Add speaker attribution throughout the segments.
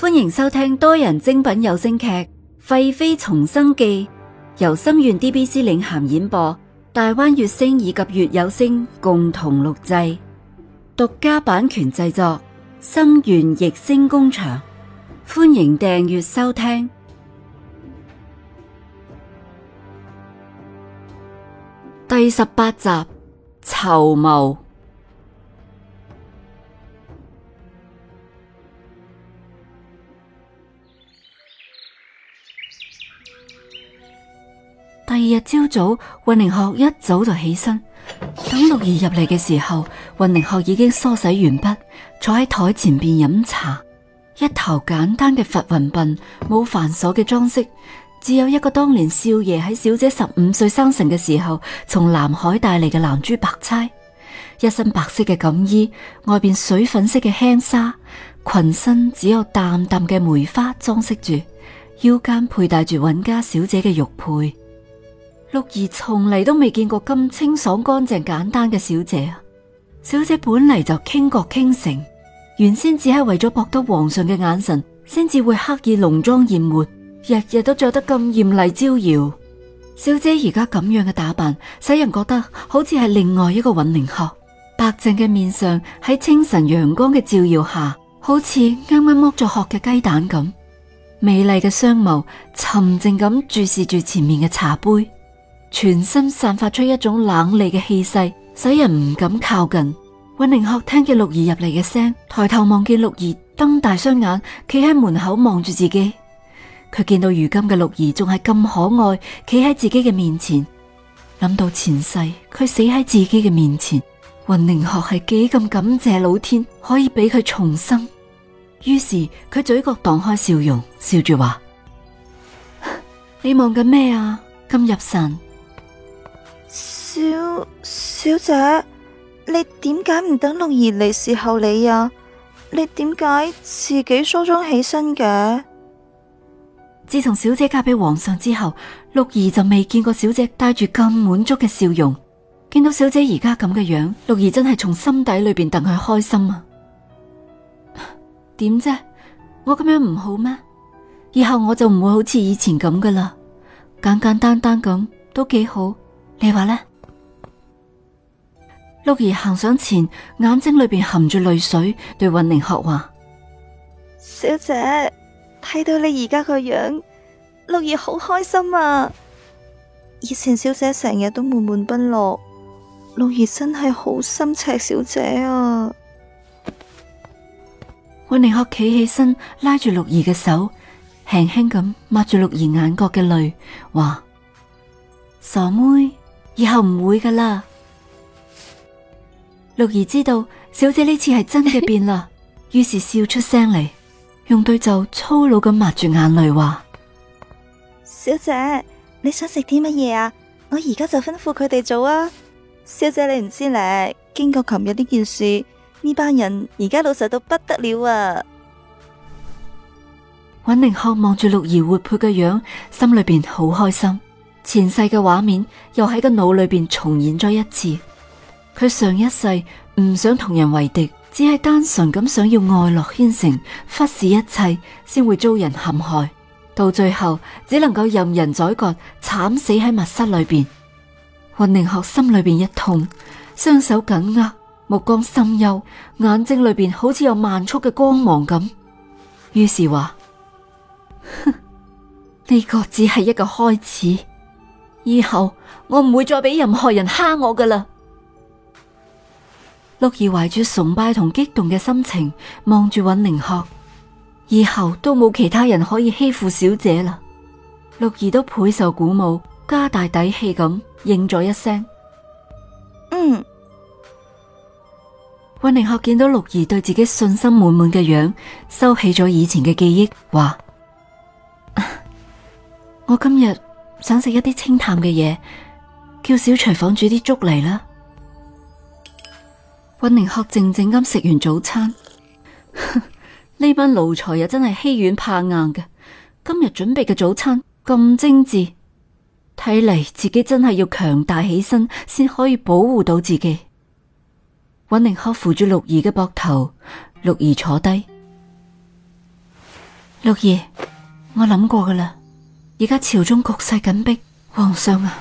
Speaker 1: 歡迎收聽多人精品有聲劇《廢妃重生記》，由心願 D B C 領銜演播，大灣月星以及月有聲共同錄製，獨家版權製作，心願逸星工場。歡迎訂閱收聽第十八集籌謀。第二日朝早，運寧學一早就起身。等六兒入嚟嘅時候，運寧學已經梳洗完畢，坐喺台前邊飲茶。一頭簡單嘅髮雲鬢，冇繁瑣嘅裝飾，只有一個當年少爺喺小姐十五歲生辰嘅時候從南海帶嚟嘅藍珠白釵。一身白色嘅錦衣，外邊水粉色嘅輕紗，裙身只有淡淡嘅梅花裝飾住，腰間佩戴住尹家小姐嘅玉佩。六兒從嚟都未見過咁清爽、乾淨、簡單嘅小姐啊！小姐本嚟就傾國傾城，原先只係為咗博得皇上嘅眼神，先至會刻意濃妝艷抹，日日都着得咁艷麗招搖。小姐而家咁樣嘅打扮，使人覺得好似係另外一個韻寧鶴，白淨嘅面上，喺清晨陽光嘅照耀下，好似啱啱剝咗殼嘅雞蛋咁，美麗嘅雙眸沉靜咁注視住前面嘅茶杯。全身散發出一種冷厲嘅氣勢，使人唔敢靠近。云寧學聽見六兒入嚟嘅聲，抬頭望見六兒，瞪大雙眼，企喺門口望住自己。佢見到如今嘅六兒仲係咁可愛，企喺自己嘅面前。諗到前世佢死喺自己嘅面前，云寧學係幾咁感謝老天可以俾佢重生。於是佢嘴角蕩開笑容，笑住話：你望緊咩啊？咁入神。
Speaker 2: 小小姐，你點解唔等六兒嚟伺候你呀、啊？你點解自己梳妝起身嘅？自從小姐嫁俾皇上之後，六兒就未見
Speaker 1: 過小姐帶住咁滿足嘅笑容。見到小姐而家咁嘅樣，樣，六兒真係從心底裏邊戥佢開心啊！點 啫？我咁樣唔好咩？以後我就唔會好似以前咁噶啦，簡簡單單咁都幾好。你話呢？六兒行上前，眼睛裏邊含住淚水，對溫寧鶴話：
Speaker 2: 小姐，睇到你而家個樣，六兒好開心啊！以前小姐成日都悶悶不樂，六兒真係好心赤小姐啊！
Speaker 1: 溫寧鶴企起身，拉住六兒嘅手，輕輕咁抹住六兒眼角嘅淚，話：傻妹，以後唔會噶啦。六兒知道小姐呢次係真嘅變啦，於 是笑出聲嚟，用對袖粗魯咁抹住眼淚，話：
Speaker 2: 小姐你想食啲乜嘢啊？我而家就吩咐佢哋做啊！小姐你唔知咧，經過琴日呢件事，呢班人而家老實到不得了啊！
Speaker 1: 尹寧看望住六兒活潑嘅樣，心裏邊好開心，前世嘅畫面又喺個腦裏邊重演咗一次。佢上一世唔想同人為敵，只係單純咁想要愛樂牽成，忽視一切，先會遭人陷害，到最後只能夠任人宰割，慘死喺密室裏邊。雲寧鶴心裏邊一痛，雙手緊握，目光深幽，眼睛裏邊好似有慢速嘅光芒咁。於是話：呢、這個只係一個開始，以後我唔會再俾任何人蝦我噶啦。六兒懷住崇拜同激動嘅心情望住尹寧鶴，以後都冇其他人可以欺負小姐啦。六兒都倍受鼓舞，加大底氣咁應咗一聲：嗯。尹寧鶴見到六兒對自己信心滿滿嘅樣，收起咗以前嘅記憶，話： 我今日想食一啲清淡嘅嘢，叫小廚房煮啲粥嚟啦。溫寧鶴靜靜咁食完早餐，呢 班奴才又真係欺軟怕硬嘅。今日準備嘅早餐咁精致，睇嚟自己真係要強大起身，先可以保護到自己。溫寧鶴扶住六兒嘅膊頭，六兒坐低。六爺，我諗過噶啦，而家朝中局勢緊逼，皇上啊！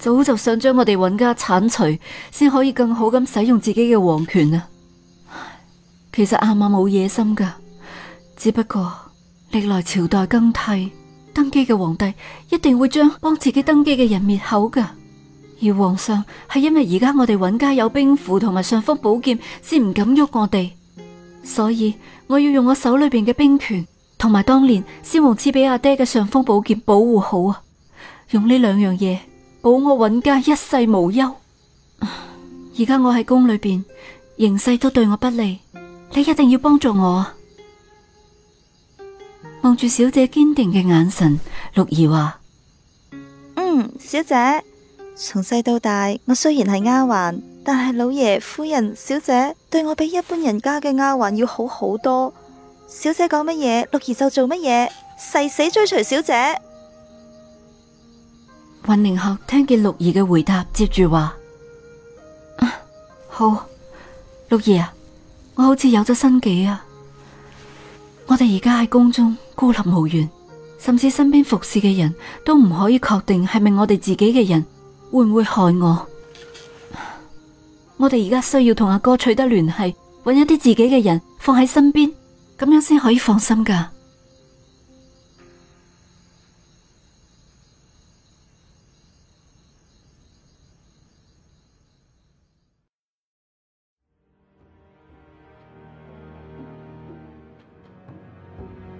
Speaker 1: 早就想將我哋尹家鏟除，先可以更好咁使用自己嘅皇權啊！其實阿媽冇野心噶，只不過歷來朝代更替，登基嘅皇帝一定會將幫自己登基嘅人滅口噶。而皇上係因為而家我哋尹家有兵符同埋尚方寶劍，先唔敢喐我哋。所以我要用我手裏邊嘅兵權，同埋當年先王賜俾阿爹嘅尚方寶劍保護好啊！用呢兩樣嘢。保我穩家一世無憂，而家我喺宮裏邊，形勢都對我不利，你一定要幫助我。望住小姐堅定嘅眼神，六兒話：
Speaker 2: 嗯，小姐，從細到大，我雖然係丫鬟，但係老爺、夫人、小姐對我比一般人家嘅丫鬟要好好多。小姐講乜嘢，六兒就做乜嘢，誓死追隨小姐。尹寧學
Speaker 1: 聽見六兒嘅回答，接住話、啊，好，六兒啊，我好似有咗新計啊！我哋而家喺宮中孤立無援，甚至身邊服侍嘅人都唔可以確定係咪我哋自己嘅人，會唔會害我？我哋而家需要同阿哥，哥取得聯繫，揾一啲自己嘅人放喺身邊，咁樣先可以放心噶。